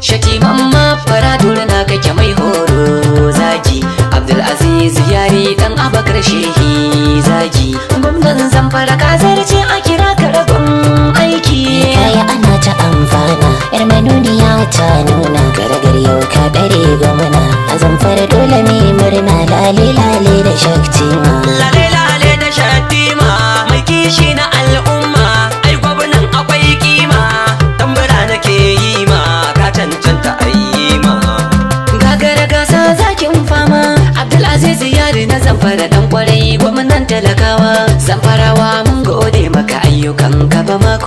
shaki mamma fara na kake mai horo zaki abdulaziz yari dan abakar shehi zaki gwamnan zamfara ka zarce a kira ka rabon aiki kaya ana ta amfana yar manuniya ta nuna garagar yau ka dare gwamna a zamfara dole mai murna lale lale da shakti ma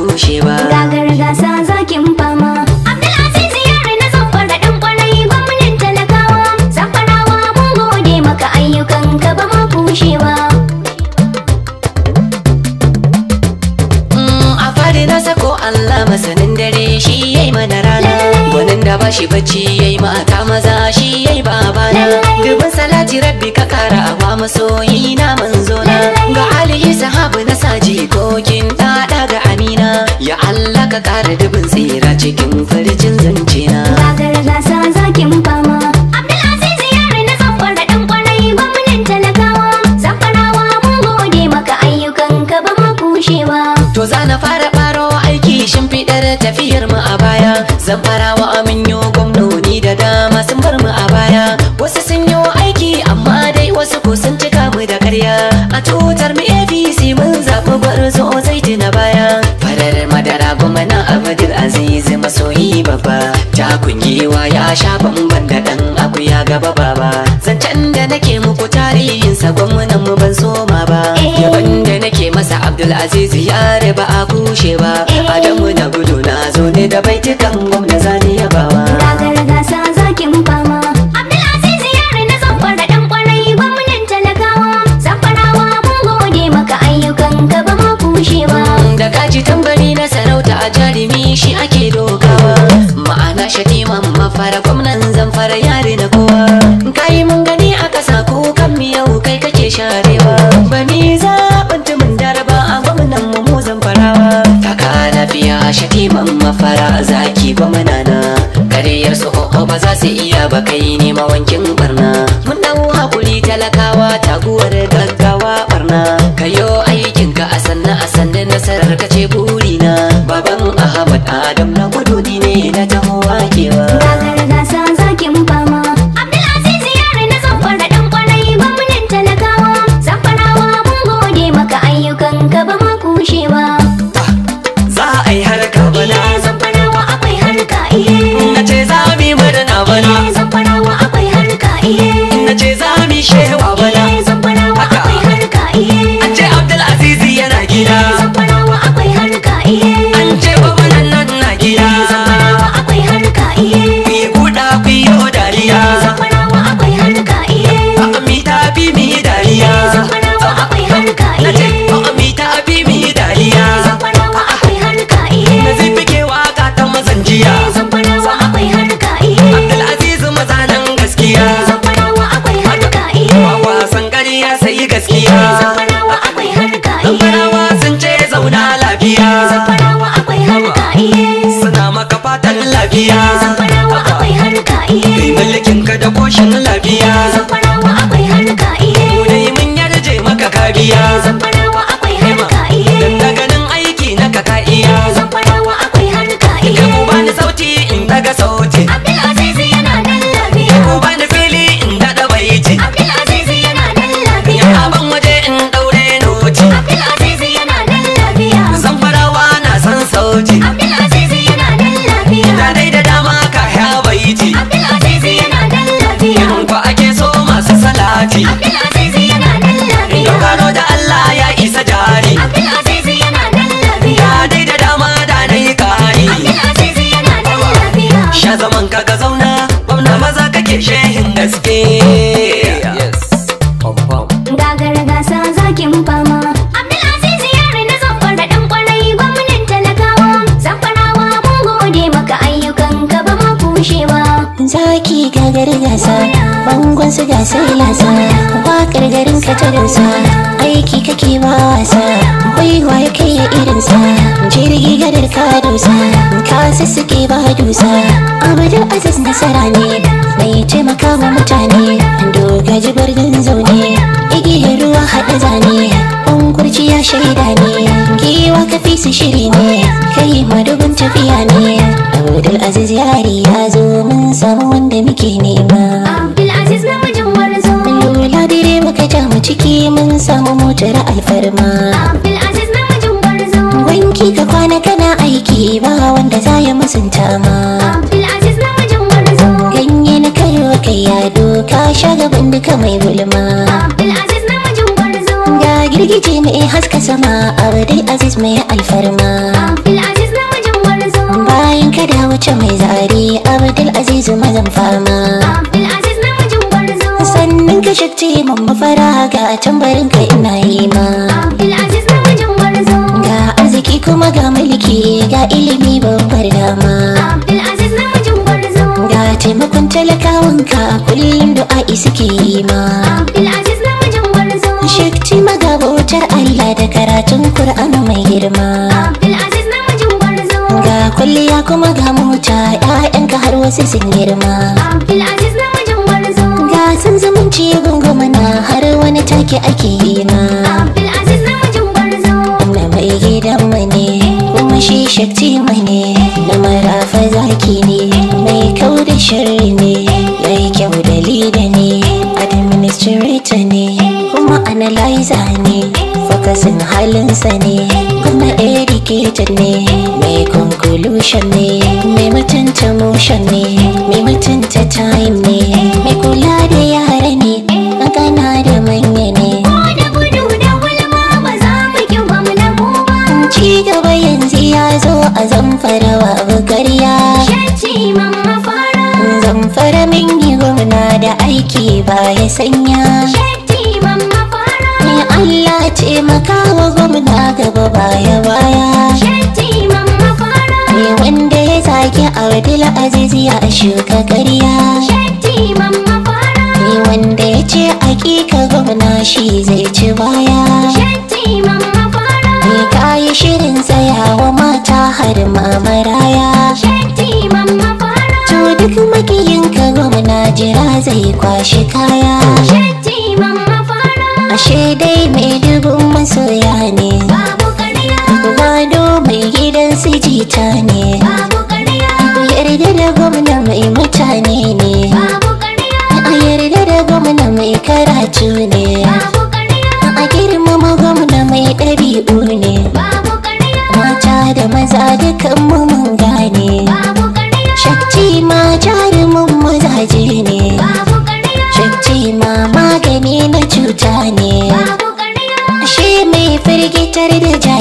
kushe ba tashi bacci yayi mata maza shi yayi babana dubin salati rabbi ka kara wa masoyi na manzo na ga alihi sahabu na saji kokin ɗaɗa ga amina ya Allah ka kara dubin tsira cikin farjin zance gaba baba zancen da nake muku tarihin sa gwamnan mu ban soma ba eh. yaban da nake masa abdul aziz ya ba a kushe ba eh. adamu da gudu na zo ne da baitukan gwamna zani yabawa gagara gasa zakin Da kaji tambari na sarauta a jarumi shi ake dogawa ma'ana shatiman mafara matar ka ce burina baban ahmad adam na gudu ne na taho wakewa a zaman ka zauna gwamna maza kake shehin gaske gagara gasa zakin fama abdulaziz ya na zamfar da dan kwarai gwamnan talakawa zamfarawa mun maka ayyukan ka ba ma kushewa zaki gagara gasa bangon su gasar lasa wakar garin ka ta dosa aiki kake ba wasa waiwa ya kai ya irinsa jirgi gadar ka dusa ka sassuke ba dusa amadu aziz nasara ne mai taimaka wa mutane doga jibar din zaune igiyar ruwa haɗa zane ƙunkurci ya shaida ne giwa ka fi su shiri ne kai madubin tafiya ne abdul aziz yari ya zo mun samu wanda muke nema abdul aziz na mijin warzo lula dire muka ja mu ciki mun samu motar alfarma abdul aziz aiki ka kwana kana aiki ba wanda za ya musunta ma Abdulaziz na wajen gwarzo Ganye na kaiwa kai ya doka sha gaban duka mai gulma Abdulaziz na wajen gwarzo Ga girgije mai haska sama Abdulaziz mai alfarma Abdulaziz na wajen gwarzo Bayan kada wace mai zari Abdulaziz mazan fama Abdulaziz na wajen gwarzo Sannan ka shakti mamma fara ga tambarin ka ina yi ma Abdulaziz kuma ga mulki ga ilimi babbar dama ga taimakon talakawanka kullum du'a'i suke yi ma Abdulaziz namijin gwarzo bautar Allah da karatun Kur'ani mai girma ga kulliya kuma ga mota ƴaƴanka har wasu sun girma Abdulaziz gwarzo ga sun zumunci gungumana har wani take ake yi ma shakti ne na marafa zaki ne mai kau da shirri ne ya yi kyau da lida ne administrator ne kuma analyzer ne fakasin halinsa ne kuma educator ne mai conclusion ne mai mutunta motion ne mai mutunta time ne mai kula da ya da aiki ba ya sanya mamma Ni Allah ce makawa gwamna gaba baya baya Ni wanda ya zaki Abdul Aziz ya shuka fara Ni wanda ya ce hakika gwamna shi zai ci baya Ni kayi shirin tsayawa mata har mamara zai kwashe kaya Shatti mamma fara Ashe dai mai dubin masoya ne Babu ƙarya Wado mai gidan su jita ne Babu ƙarya Yarda da gwamna mai mutane ne Babu ƙarya A yarda da gwamna mai karatu ne Babu ƙarya A girmama gwamna mai ɗabi'u ne Babu ƙarya Mata da maza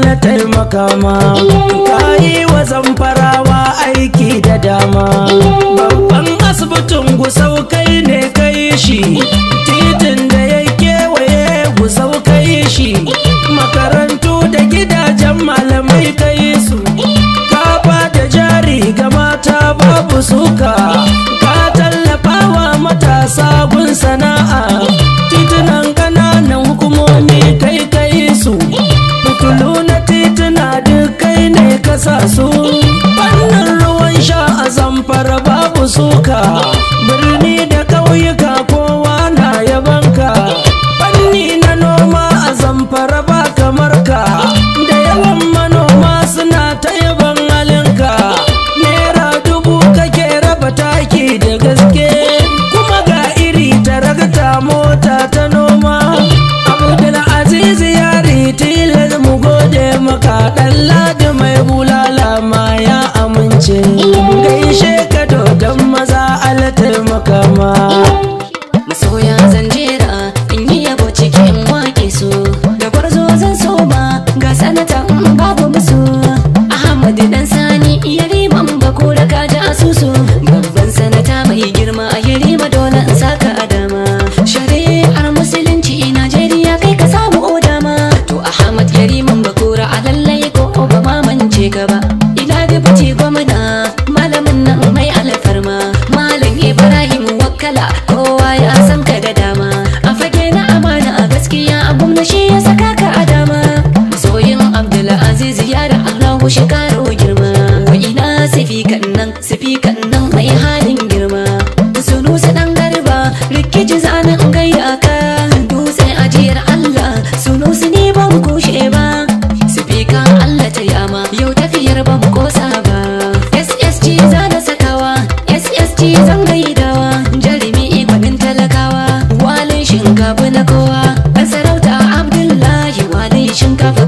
na taimaka ma ka yi wa zamfarawa aiki da dama babban asibitin gusau kai ne kai shi titin da ya kewaye gusau kai shi makarantu da gidajen malamai kai su kafa da jari ga mata babu suka ka tallafa wa matasa Allah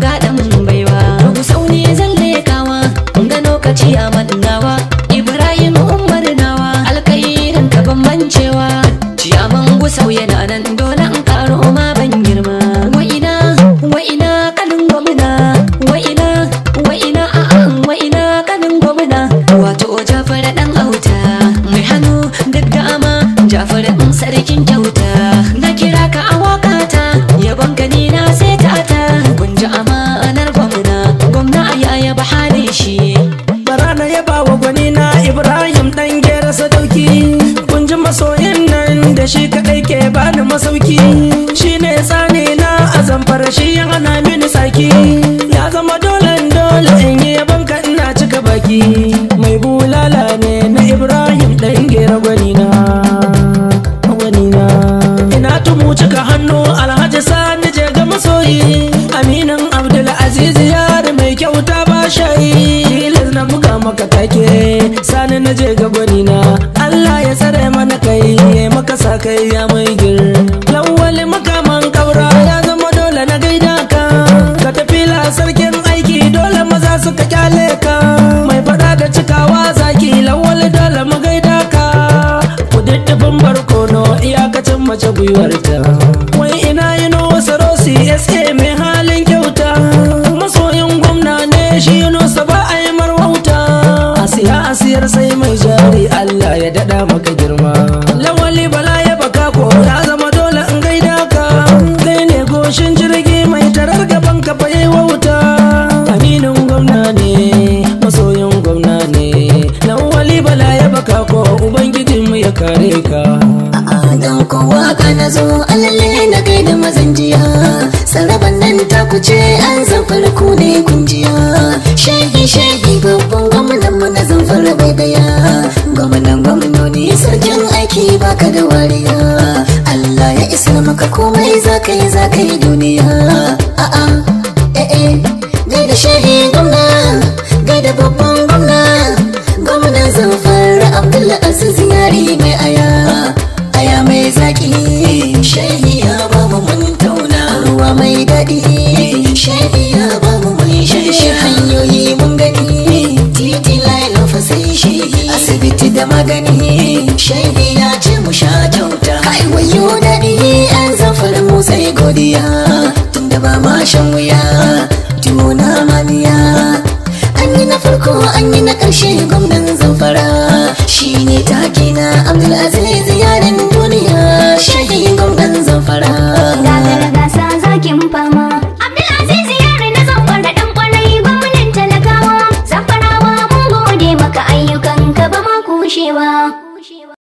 am. na je ga ni na Allah ya tsare mana kai ya maka sa kai ya mai gir lawali makaman kaura ya zama dole na gaida ka ka tafi la sarkin aiki dole maza suka kyale ka mai fada da cikawa zaki lawali dole mu gaida ka kududdufin barkono iyakacin mace ta. kare ka a'a dan kowa ka na zo alalle na kai mazan jiya saraban nan ta kuce an zamfar farko ne kunjiya shehi shehi babban gwamnan mu na fara bai daya gwamnan gwamnoni sarkin aiki baka da wariya Allah ya isa maka komai zakai-zakai yi za ka duniya a'a godiya tunda ba ma wuya tuwo maniya an yi na farko an yi na ƙarshe gwamnan zamfara shine take na abdulaziz yaren duniya shahin gwamnan zamfara gagara gasa zakin fama abdulaziz yaren na zamfara dan kwarai gwamnan talakawa zamfarawa mun gode ayyukanka ba ma kushewa